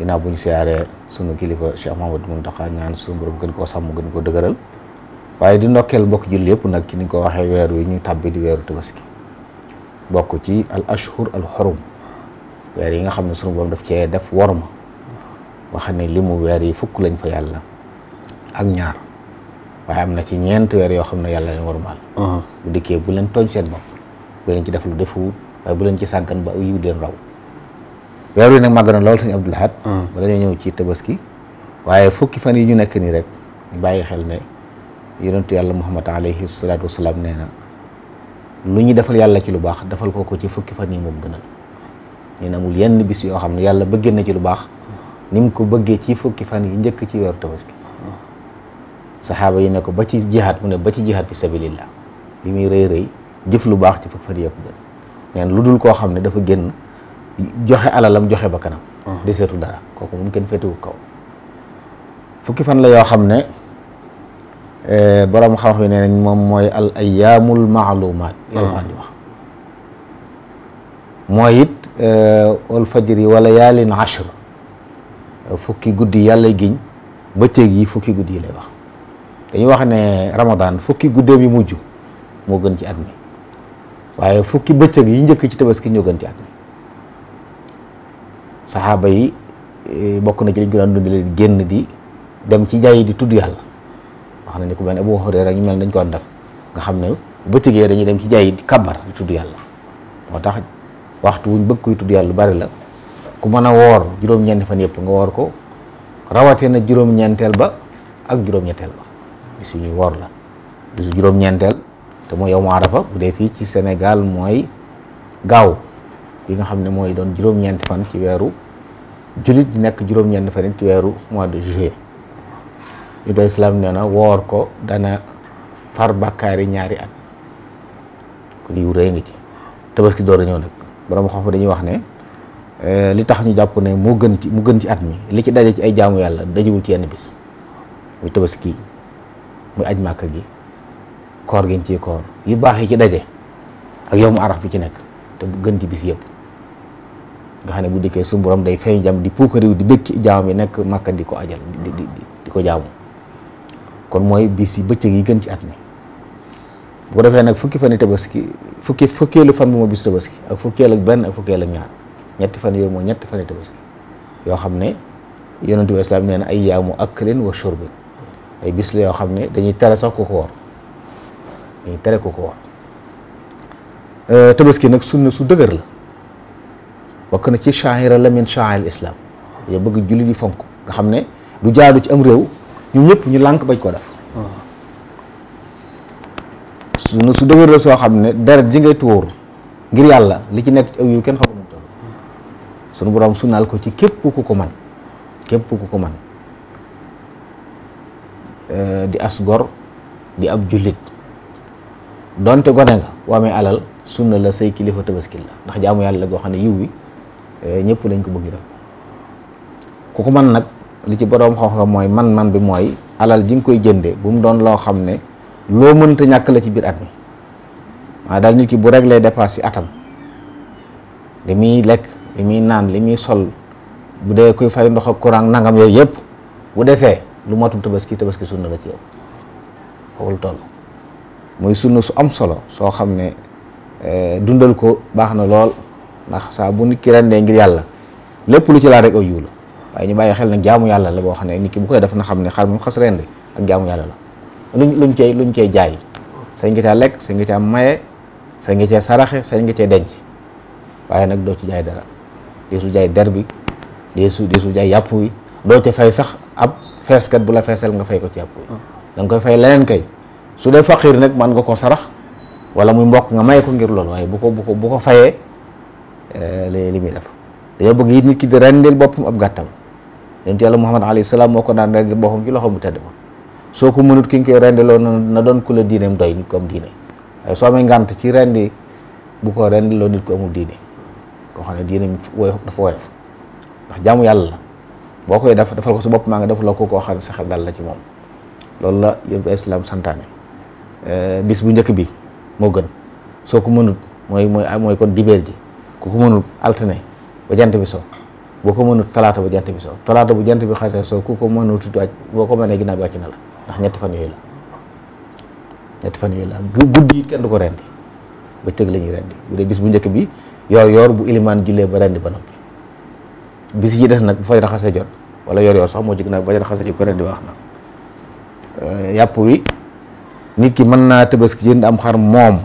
ina bu siaré sunu kilifa Cheikh Mamadou Mountakha ñaan sunu borom gën ko sam gën ko dëgëral waye di ndokkeel bokk julli yëpp nak ci ni ko waxee wër wi ñu tabbi di wër tabaski bokku ci al ashhur al hurum wër yi nga xam sunu borom daf ci def worma wax ne li mu yi fukk lañ fa yalla ak ñaar waye amna na ci ñent wër yo xam yalla ñu wormal wormaal bu dikkee bu leen toñ seen bokk bu leen ci def lu defu bu leen ci sàggan ba yu den raw weer wi nag màgg na lool suñu Abdul Ahad ah. ba dañoo ñëw ci tabaski waaye fukki fan yi ñu nekk nii rek ñu bàyyi xel ne yonentu yàlla Muhammad alayhi salaatu wasalaam nee na lu ñu defal yàlla ci lu baax defal ko ko ci fukki fan yi moom gënal ñun amul yenn bis yoo xam ne yàlla bëggee na ci lu baax ni mu ko bëggee ci fukki fan yi njëkk ci weeru tabaski saxaaba yi ne ko ba ci jihaat mu ne ba ci jihaat fi sabilillah li muy rëy rëy jëf lu baax ci fukki fan yi ko gën neen lu dul koo xam ne dafa génn joxe alalam joxe ba kanam. Ah. deseetu dara kooku moom kenn féetewu kaw. fukki fan la yoo xam ne eh, borom xam-xam yi nee moom mooy al ayyaamul maalumaat. alquran ah. di wax mooy it eh, wal fajri wa layaalin ashr fukki guddi yàlla giñ bëccëg yi fukki guddi yi lay wax dañuy wax ne Ramadan fukki guddeem yi mujj moo gën ci at mi waaye fukki bëccëg yi njëkk ci tabaski ñoo gën at mi. sahaba yi eh, bokku na ci liñ ko daan dundalee génn di dem ci jaay di tuddu yalla wax na ni ko ben abou Abu Hurayra ñu mel nañ ko daan def nga xamne bu bëccëgee dañu dem ci jaay di kabar di tuddu yalla motax waxtu wuñ bëgg koy tuddu yalla bari la ku mëna wor juroom juróom fa fan nga wor ko rawate na juroom ñentel ba ak juroom ñettel ba bisu suñu wor la bisu juroom ñentel te mo yow mu arafa bu dé fi ci Sénégal moy gaaw li nga xam ne mooy doon juróom-ñeenti fan ci weeru jullit di nekk juróom-ñeenti fan ci weeru mois de juillet ñu doy islam nee na woor ko dana far bàkkaari ñaari at kon yiw rëy nga ci tabaski door a ñëw nag borom xam dañuy wax ne eh, li tax ñu jàpp ne moo gën mu gën ci at mi li ci daje ci ay jaamu yàlla dajewul ci yenn bis muy tabaski muy aj màkk gi koor gi ñu ciy koor yu baax yi ci daje ak yow mu araf bi ci nekk te gën ci bis yëpp nga xane bu dikkee sun borom day fay jam di puukariw di bëkki jaam yi nekk màkka di ko ajal di di di ko kon moy bisi yi bëccëg yi gën ci atmi bu ko defé nak fukki fane tabaski fukki fukkeelu fan mo bis tabaski ak fukkeel ak ben ak fukkeel ak ñaar ñetti fane yooyu mo ñetti fane tabaski yoo xam ne yonentu bi ay yaamu aklin wa shurbin ay bis la yo xamné dañuy téré sax ko ko war dañuy ko ko war euh, tabaski nak sunna su deugër la bokk na ci shaa'ira la min shaa'iril islam yoo bëgg julli di fonk nga xam ne du jaadu ci am réew ñu ñëpp ñu lànk bañ ko def su su dëgër soo xam ne deret ji ngay tuur ngir yàlla li ci nekk ci aw yiw kenn xamul toll sunu borom sunnaal ko ci képp ku ko man képp ku ko man eh, di as gor di ab jullit donte gone nga waamee alal sunna la say kilifa tabaskil la ndax jaamu yàlla goo xam ne yiw wi Eh, ñëpp lañ ko bëgg def ku ko mën nag li ci boroom xam-xam mooy man-man bi mooy alal ji nga koy jënde bu mu doon loo xam ne loo mënta ñàkk la ci biir at mi waaye daal nit ki bu réglé dépasse yi atam li muy lekk li naan li muy sol bu dee koy fay ndox ak courant nangam yooyu yëpp bu desee lu matul tabaski tabaski sunna la ci yow xawul toll muy sunna su am solo soo xam ne eh, dundal ko baax na lool ndax saa bu nit ki rendee ngir yàlla lépp lu ci laa rek aw yiw la waaye ñu bàyyi xel nag jaamu yàlla la boo xam ne nit ki bu koy def na xam ne xar mu xas rende ak jaamu yàlla la luñ luñ cey luñ cey jaay sañ nga caa lekk sañ nga caa maye sañ nga cee saraxe sañ nga cee denc waaye nag doo ci jaay dara dee su jaay der bi dee su dee jaay yàpp wi doo ca fay sax ab feeskat bu la feesal nga fay ko ci yàpp wi da koy fay leneen kay su dee faqiir nag mën nga koo sarax wala muy mbokk nga may ko ngir loolu waaye bu ko bu ko bu li li def dañu bëgg it nit ki di rendel bopum ab gàttam yonent yalla Muhammad ali sallam moko ko daan rendil boppam ci loxom tedd ba soko mënut ki ngi rendelo na don ko le dinem doy ni comme am diine so soo amee ci rendi bu ko rendelo nit ko amul diine ko xam ne diine woyof dafa woyof ndax jaamu yalla la dafa dafa ko su bop ma nga dafa lako ko koo xam ne sa dal la ci mom lool la yonent islam santane euh bis bu ñëk bi mo gën soko mënut moy moy moy kon dibeer ku ko mënul altine ba jant bi so boo ko mënul talata ba jant bi so talata bu jant bi xasse so ku ko mënul tuddu aj boo ko mënee ginnaaw bi na la ndax ñetti fan yoy la ñetti fan yoy la guddi kenn du ko rendi ba tegg lañu rendi bu dee bis bu ñëk bi yor yor bu iliman jullee ba rendi ba noppi bis yi dess nak bu fay raxasse jot wala yor yor sax mo jëkk ba raxasse ci ko rendi wax na euh, yap wi nit ki mën na tebeski jënd am xar mom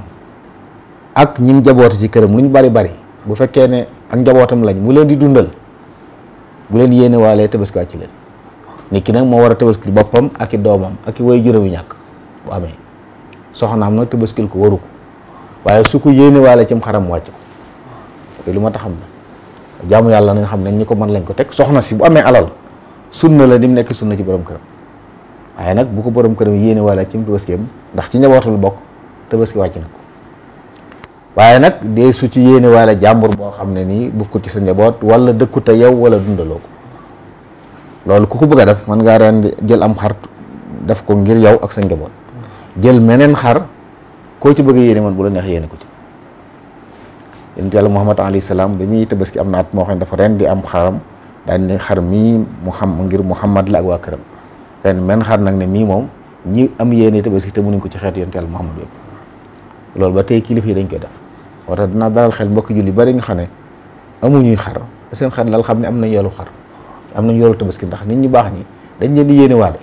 ak ñim jabooti ci kërëm luñu bari bari bu fekkee ne ak njabootam lañ mu leen di dundal bu leen yéene waalee tabaski wàcc leen nit ki nag moo war a tabaskil boppam ak i doomam ak i way juróomi ñàkk bu amee soxna am na tabaskil ko waru ko waaye su ko yéene waalee cim xaram wàcc ko lu ma tax xam na jaamu yàlla nañ xam ne ñu ko mën lañ ko teg soxna si bu amee alal sunna la ni mu nekk sunna ci borom këram waaye nag bu ko borom këram yéene waalee cim tabaskeem ndax ci njabootam la bokk tabaski waye nak dee su ci yene wala jambour bo xamne ni bu ko ci sa njabot wala ta yow wala dundaloo lolou kuku bëgg def man nga ren jël am xar def ko ngir yow ak sa njabot jël menen xar ko ci bëgg yene man bu la neex yene ko ci en Muhammad Ali sallam bi muy tabaski am na at dafa ren di am xaram dan ne xar mi muhammad ngir Muhammad la ak wa karam ren men xar nak ne mi mom ñi am yene tabaski te ñu ko ci xet yentel Muhammad yëpp loolu ba tay kilifi dañ koy def war a dalal xel mbokk julli bari nga xane ne amuñuy xar seen xel lal xamni amna am yoolu xar amna nañ yoolu tabaski ndax nit ñu bax ni dañ leen di yene waale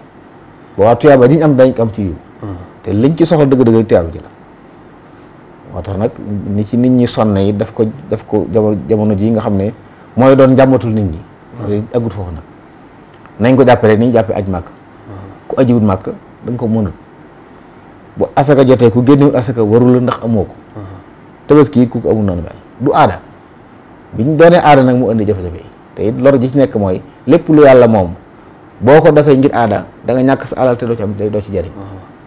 ba wa tuyaaba diñ am dañ ko am ci yu te liñ ci soxal deug deug tuyaaba ji la moo nak ni ci nit ñi sonne yi daf ko daf ko jamono ji nga xam moy doon jamatul nit ñi agut fofu nak nañ ko jàppale ni jappé aj màkk ku aji wut da dañ ko mënul bu asaka jotté ku génnewul asaka warul ndax amoko tabaski ku ko amul noonu mel du aada bi ñu doonee aada nag mu indi jafe-jafe yi te it lor ji ci nekk mooy lépp lu yàlla moom boo ko defee ngir aada da nga ñàkk sa alal te doo ci am te doo ci jariñ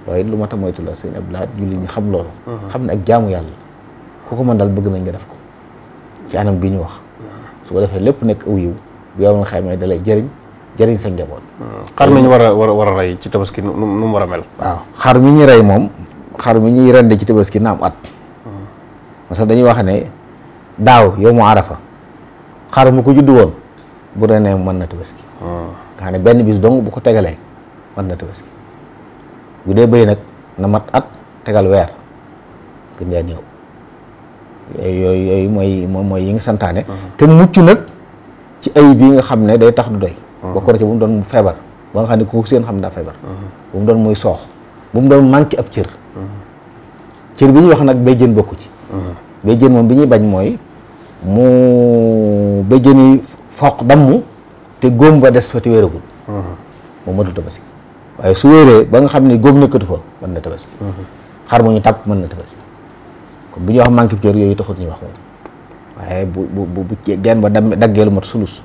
waaye lu ma ta moytu la sëñ Abdoulaye jullit ñi xam loolu xam ne ak jaamu yàlla ku ko mën daal bëgg nañ nga def ko ci anam gi ñu wax su ko defee lépp nekk aw yiw bu yow nga xamee da lay jëriñ jëriñ sa njaboot xar mi ñu war a war a rey ci tabaski nu mu war a mel waaw xar mi ñu rey moom xar mi ñuy rende ci tabaski na am at parce que dañuy wax ne daaw yow mu arafa xar mu ko juddu woon bu renee mën na tabaski ah. nga xam ne benn biis dong bu ko tegalee man na tabaski bu dee bëy nag na mat at tegal weer gën jaa néew yooyu yooyu mooy mooy yi nga santaane ah. te mucc nag ci ayib yi nga xam ne day tax du doy ah. bokk na ci bu mu doon feebar ba nga xam ne ku seen xam daa feebar bu mu doon muy soox bu mu doon manqué ab cër cër bi ñuy wax nag bay jën bokku ci béjjén moom bi ñuy bañ mooy mu béjjén yi foq damm te góom ba des fa te wéeragul. Uh-huh. moom matul tabaski waaye su wéree ba nga xam ne góom nekkatu fa mën na tabaski. Uh-huh. xar mu ñu tàpp mën na tabaski kon bu ñuy wax manqué cër yooyu taxut ñuy wax moom waaye bu bu bu gen ba daggee lu mat sulus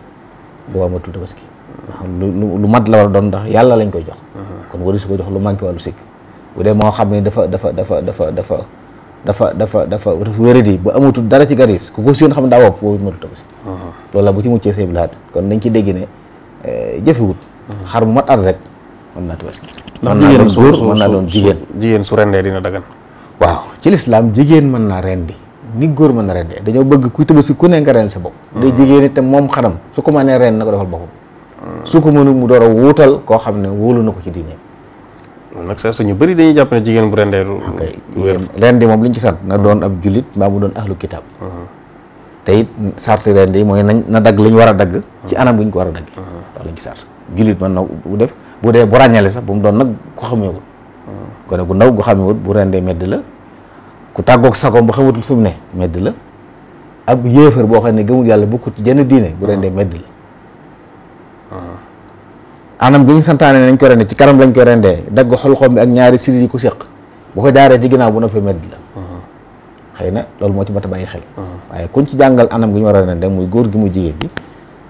bu waa matul tabaski ndax lu lu mat la war a doon ndax yàlla lañ koy jox. Uh-huh. kon wari su ko jox lu manqué wàllu sikk bu dee moo xam ne dafa dafa dafa dafa dafa. dafa dafa dafa wéré di bu amatul dara ci garis ku ko seen xam da daa bo boobu mënut a ko la bu ci mu ci sey bilaat kon nañ ci dégg eh, jëfé wut xar mu mat at rek mën naa tabaski ndax jigen su man na don jigen jigen su rendé dina dagan waaw ci l'islam jigen man na rendi ni góor man na rendé dañu bëgg kuy ci ku ne nga rend sa bopp day jigen té mom xaram su ko mané rend na ko defal boppam su ko mënu mu dara wutal ko xamné wolu nako ci diiné loolu nag saa su ñu bëri dañuy jàpp jigéen bu rendee du ah, wér rendi moom lañ ñu ci sant na doon ab jullit mbaa mu doon ahlu kitaab uh-huh. tey it sart rendi yi mooy nañ na dagg li war a dagg ci uh-huh. anam bu ñu ko war a dagg uh-huh. loolu lañ ci sart jullit man na bu def bu dee bu ràññale sax bu mu doon nag ko xamewut gone gu ndaw gu xamewut bu rendee medd la ku tàggoog sagoom ba xamatul fi mu ne medd la ab yéefar boo xam ne gëmul yàlla bokkut ci jenn diine bu rendee meddi la anam gi santane nañ ko rendee ci karam lañ ko rendé dag xolxoom bi ak ñaari siri ku sekk bu ko daara ci ginnaaw bu fe medd la xeyna na mo ci bata baye xel waye kuñ ci jangal anam gi wara rendé muy góor gi muy jigéen bi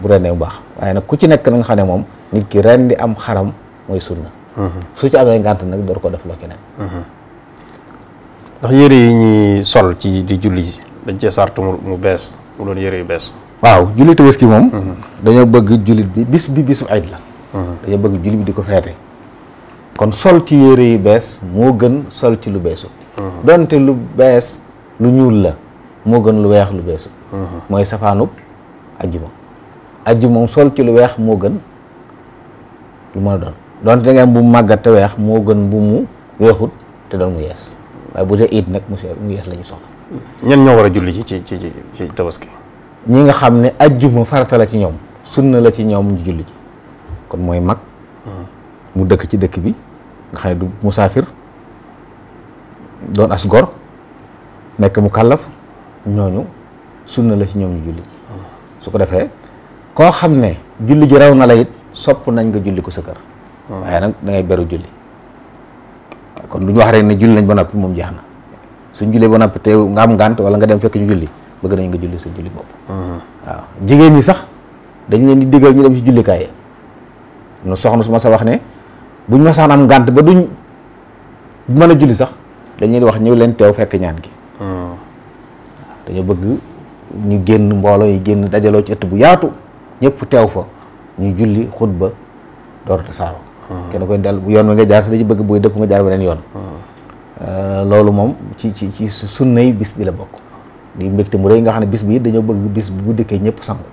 bu rendé bu baax waye nak ku ci nek na nga xam ne nit ki rendi am xaram moy sunna su ci amé ngant nak door ko def lo kenen ndax yere yi ñi sol ci di julli dañ cee sartu mu bes mu doon yere yu bes waaw julli tabaski mom dañu bëgg julit bi bis bi bisu aid la dañoo bëgg julli bi di ko feete kon sol ci yére yu bees moo gën sol ci lu beesu uh-huh. donte lu bees lu ñuul la moo gën lu weex lu beesu uh-huh. mooy safaanub ajjuma ajjuma moom sol lu weex moo gën lu mën doon donte da bu mu màggat weex moo gën bu mu weexut te doon mu yees waaye bu dee it nag mu mu yees la ñu soxla ñan ñoo war a julli ci ci ci tabaski ñi nga xam ne ajjuma farata la ci ñoom sunna la ci ñoom ñu julli ci kon mooy mag hmm. mu dekk ci dekk bi nga xam du musafir don asgor nek mu kàllaf ñooñu sunna la ci ñoom ñu julli hmm. su ko defé ko xamné julli ji raw na la yit sop nañ nga julli ko sa kër hmm. waaye da ngay bëru julli kon du ñu wax rek ne julli nañ ba noppi mom jaxna su suñ jullee ba noppi te nga am ngànt wala nga dem fekk ñu julli bëgg nañ nga julli sa julli waaw jigeen ni sax dañ leen di diggal ñu dem ci kay no soxna suma sa wax ne buñu ma saan am ngànt ba duñ mën julli sax dañuy wax ñew leen teew fekk ñaan gi hmm. dañu bëgg ñu genn mbolo yi genn dajalo ci ëtt bu yaatu ñepp teew fa ñu julli xutba door tasaaroo hmm. kene koy dal bu yoon nga jaar sa dañu bëgg bu depp nga jaar benen yoon hmm. euh, loolu mom ci ci ci sunnay bis bi la bok di mbekté mu reey nga xam bis bi dañu bëgg bis bu dëkke ñepp sangu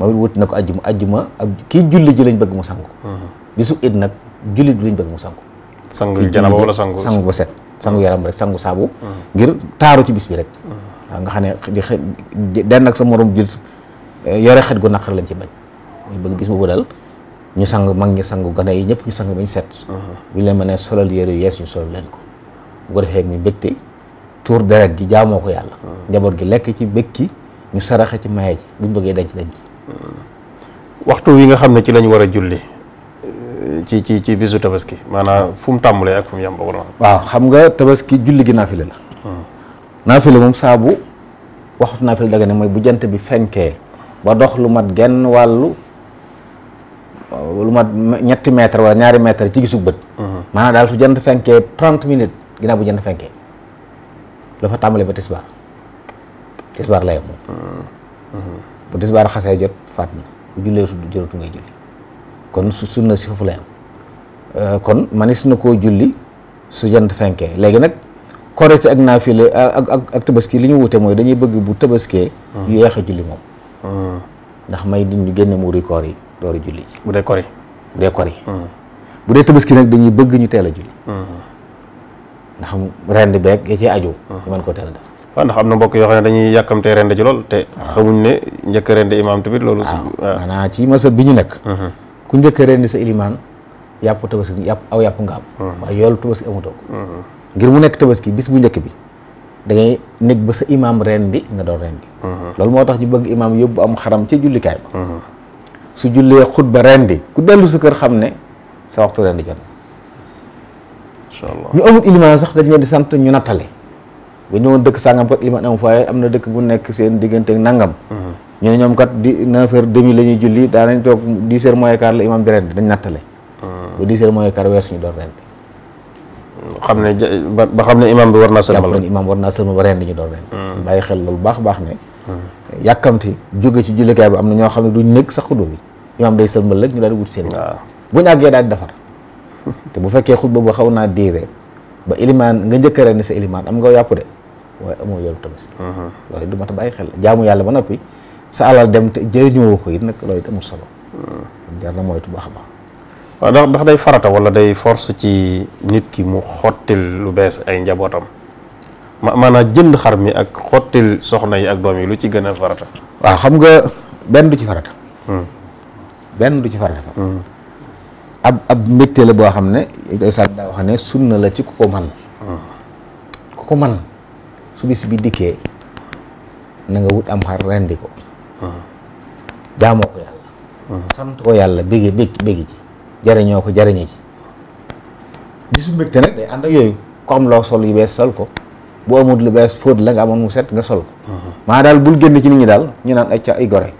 ma it wut na aljuma aljuma ki julli ji lañ bëgg mu sangu mhm. bisu id nak julli du lañ bëgg mu sangu sangu janaba wala sangu sangu ba set sangu mhm. yaram rek sangu sabu mhm. ngir taaru ci bis bi rek nga xane di den nak sa morom jullit eh, yore xet gu nakar lañ ci bañ ñu bëgg bis bu daal ñu sangu mag ñi sangu gane yi ñëpp ñu sangu bañ set bu le mané solal yére yes ñu solal leen ko bu ko defee muy tour tuur deret jaamoko yalla njabot gi lek ci bëkki ñu saraxe ci maye ji buñ bëggee denc denc waxtu wi nga xam ne ci lañ war a julli euh, ci ci ci bisu tabaski maanaa fu mu tàmbalee ak fu mu yem ba waaw xam nga tabaski julli gi naafile la. Hmm. naafile moom saabu waxtu naafile daga ne mooy bu jant bi fenkee ba dox lu mat genn wàllu lu mat ñetti mètre wala ñaari mètre ci gisu bët. Hmm. maanaam daal su jant fenkee trente minutes ginnaaw bu jant fenkee la fa tàmbalee ba tisbaar tisbaar la yem. Hmm. bu tisbaar khasai jot fatna na bu jullee jëratu ngay kon susun sunna si foofu eh, kon manis na Juli, julli su jant fenkee léegi nag fili ak naafile ak ak ak tabaski li ñu wute mooy dañuy bëgg bu tabaskee hmm. yu yeex a julli moom hmm. ndax may di ñu génne muuri koor yi door a julli bu dee kor yi bu dee kor yi hmm. bu dee tabaski nag dañuy bëgg ñu julli ndax rend ndax kan amna mbokk yo xamne dañuy yakamte rende ci lool te ah. xamuñ ne njëkk rende imam tamit loolu ah, ah. ana ci masab bi ñu mhm. ku njëkk rende sa iliman yap tabaski yap aw yap ngam wa mhm. waaye yoolu amu tok mhm. ngir mu nek tabaski bis bu njëkk bi da ngay nek ba sa imam rendi nga do rendi loolu motax ñu bëgg imam yobbu am xaram ca jullikaay ba su julle khutba rendi ku delu sa kër xamne ne sa waxtu rendi jot inshallah ñu amul iliman sax dañ leen di sant ñu natalé bu ñëwoon dëkk sangam kat li ma am fooye nekk seen diggante ak nangam. Mhm. ñu ne ñoom kat di 9 h la ñuy julli daanañ toog 10h moins quart la imam di rendi dañ nattale. Mhm. ba 10h moins quart weer suñu door rendi. xam ne ba xam ne imam bi war naa sëlmal rek imam ñu door rendi. Mhm. bàyyi xel loolu baax baax ne. yàkkamti jóge ci jullikaay bi am na ñoo xam ne duñ nekk sax xutba bi imam day sëlmal rek ñu daal di wut seen waaw bu ñu àggee daal di defar. te bu fekkee xutba ba xaw naa diire ba ilimaan nga njëkk a rendi sa ilimaan am nga yàpp de waaye amoo yoolu tabaski uh-huh. loolu du mat a bàyyi xel jaamu yàlla ba noppi sa alal dem te jëriñoo ko it nag loolu it solo uh-huh. jar na moytu baax baax waaw ndax day farata wala day force ci nit ki mu xottil lu bees ay njabootam ma maanaam jënd xar mi ak xottil soxna yi ak doom yi lu ci gën a farata waa xam nga benn du ci farata hmm. benn du ci farata fa hmm. ab ab mbégte boo xam ne day sànni daa wax ne sunna la ci ku ko man hmm. ku ko man su bis bi dikkee na nga wut am xar rendi ko jaamoo ko yàlla sant ko yàlla bégg bégg bégg ci jariñoo ko jariñi ci bisu mbégte nag day ànd ak yooyu ko am loo sol yu bees sol ko bu amul lu bees fóot la nga amoon mu set nga sol ko maa daal bul génn ci nit ñi daal ñu naan ay ca ay gore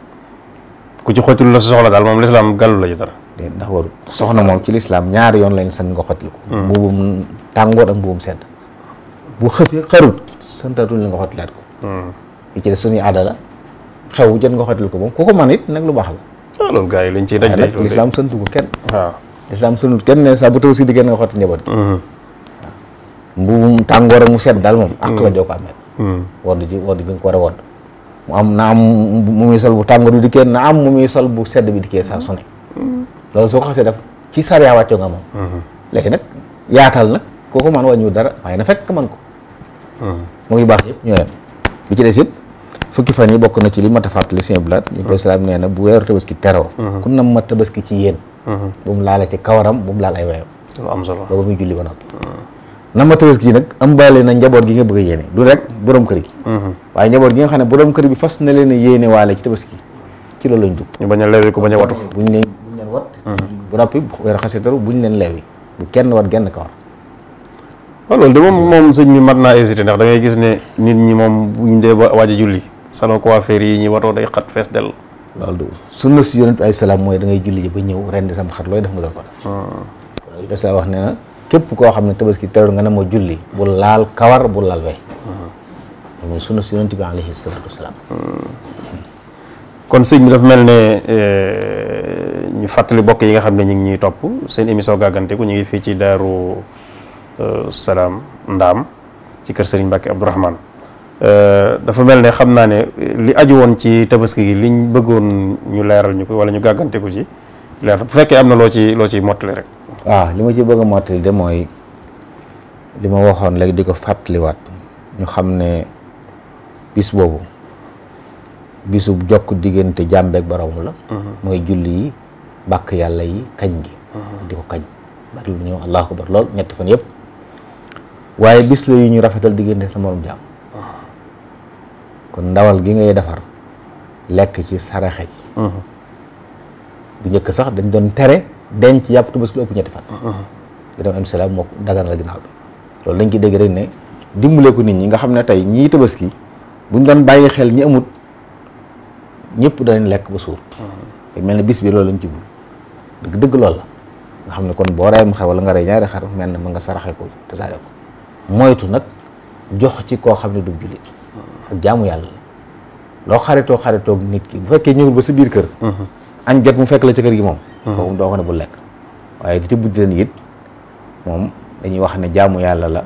ku ci xottil la sa soxla daal moom lislaam gallu la ci dara ndax warul soxna moom ci lislaam ñaari yoon lañ san nga xottil ko hmm. mbuubum tàngoor ak mbuubum sedd bu xëfee xarut santaatul la nga xottilaat ko hmm. li ci des suñuy aada la xew jot nga xottil ko moom ku ko man it nag lu baax la ah, loolu gars yi lañ ciy daj nag lislaam santu ko kenn ah. lislaam santu kenn ne saa bu taw si diggéen nga xotti njaboot gi hmm. waaw tàngoor mu sedd daal moom ak la hmm. joo ko amee ji wodd gi nga ko war a mu am na am mu muy sol bu tàngoor bi dikkee na am mu muy sol bu sedd bi dikkee saa su ne loolu soo ko xasee def ci sariya wàccoo nga moom léegi nag yaatal nag kooku man wàññiwul dara waaye na fekk man ko moo yu baax yëpp ñoo yem bi ci des fukki fan yi bokk na ci li mat a fàttali sëñ Blaat ñëpp islaam nee na bu weeru tabaski teroo mhm. ku nam ma tabaski ci yéen mhm. bu mu laale ci kawaram bu mu laal ay wayam lu am solo booba muy julli ba noppi mhm. nam ma tabaski yi nag ëmbaale na njaboot gi nga bëgg a du rek borom kër gi waaye njaboot gi nga xam ne borom kër bi fas na leen a yéene waale ci tabaski ci loolu lañ dugg ñu bañ a leewi ko bañ a watu buñ leen buñ leen wat bu noppi weeru xasitaru buñ leen leewi bu kenn wat genn kawar loolu de moom moom sëñ bi mat naa hésité ndax da ngay gis ne nit ñi moom bu ñu dee waaj julli salon coiffure yi ñi watoo day xat fees dell loolu du sunna si yonent bi ay salaam mooy da ngay julli ba ñëw ren sam xar def nga ko da ah. sa wax na képp koo tabaski teroon nga ne moo julli bu laal kawar bu laal way ah. mooy sunna si yonent bi alayhi salaatu wasalaam ah. kon sëñ bi dafa mel ne eh, ñu fàttali bokk yi nga xam ne ngi ñuy seen émission gàgganteku ñu ngi ci daru Eh, salam ndam ci kër Serigne Mbacke euh dafa melne ne ne li aju won ci tabaski gi liñ bëggoon ñu leeral ñuko wala ñu gàggante ko ci leer bu fekkee amna lo ci lo ci mottali rek. ah lima ci bëgg a de moy lima waxon waxoon diko di wat ñu bis bobu bisu jokk diggante jambe ak borom la. moy mhm. julli bak yalla yi kañ gi. Mhm. diko kañ. bari lu allahu akbar lol ñett fan yépp waye bis la ñu rafetal digënde sa morom jàmm kon ndawal gi ngay défar lek ci saraxé ji bu ñëk sax dañ doon tere denc yàpp tabaski lu ëpp ñetti fan bi dem am salaam moo dagan la ginaaw bi loolu lañ ci dégg rek ne dimbulé ko nit ñi nga xamné tay ñi tebeski tabaski buñ doon bayyi xel ñi amut ñëpp leen lek ba suur mel ne bis bi loolu lañ ci bu deug deug loolu la nga xamné ne kon boo reyam xar wala nga ray ñaari xar melni ne ma nga saraxé ko tassalé ko moytu nag jox ci koo xam ne du jullit ak jaamu yàlla loo xaritoo xaritoo nit ki bu fekkee ñëwul ba si biir kër añ jot mu fekk la ci kër gi moom kooku doo ko ne bu lekk waaye di tibb di leen dañuy wax ne jaamu yàlla la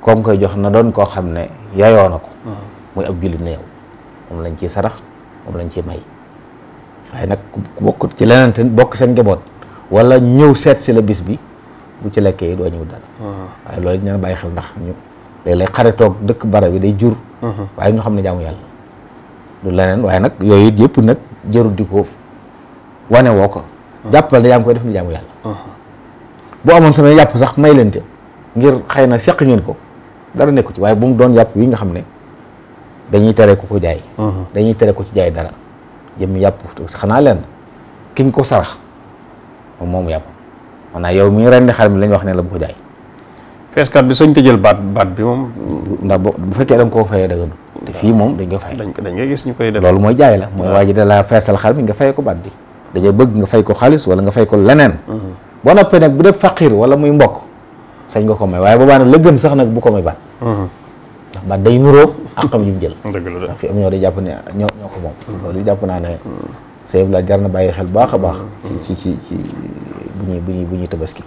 koom koy jox na doon koo xam ne yayoo na ab jullit na moom lañ ciy sarax moom lañ ciy may waaye nag ku bokk ci leneen te bokk seen njaboot wala ñëw seet si la bis bi bu ci lekkee doo wàññiwul dara uh-huh. waaye loolu ñu bàyyi xel ndax ñu léeg-léeg xaritoog dëkk barab yi day jur uh-huh. waaye ñu xam ne jaamu yàlla du leneen waaye nag yooyu it yëpp nag jëru di ko wane woo ko uh-huh. jàppal ne yaa ngi koy def ni jaamu yàlla bu amoon sama yàpp sax may leente ngir xëy na seq ngeen ko dara nekku ci waaye bu mu doon yàpp wi nga xam ne dañuy tere ko ko jaay dañuy tere ko ci jaay dara jëm yàpp xanaa leen ki nga ko sarax moom moomu yàpp maanaam yow mi ñu rendi xar mi la ñu wax ne la bu ko jaay. feeskat bi soñ te jël baat baat bi moom. ndax boo bu fekkee da nga koo fayee dëgg te fii moom dañ ko fay. loolu mooy jaay la mooy waa da laa feesal xar mi nga fay ko baat bi dañoo bëgg nga fay ko xaalis wala nga fay ko leneen. Mhm. boo noppee nag bu dee faqir wala muy mbokk sañ nga ko may waaye boobaa la gën sax nag bu ko may baat. Mhm. baat day nuroo àqam yu mu jël. Mhm. loolu jàpp naa ne sëñ la jar na bàyyi xel baax a baax. ci ci ci ci bu ñuy bu ñuy bu ñuy tabaski.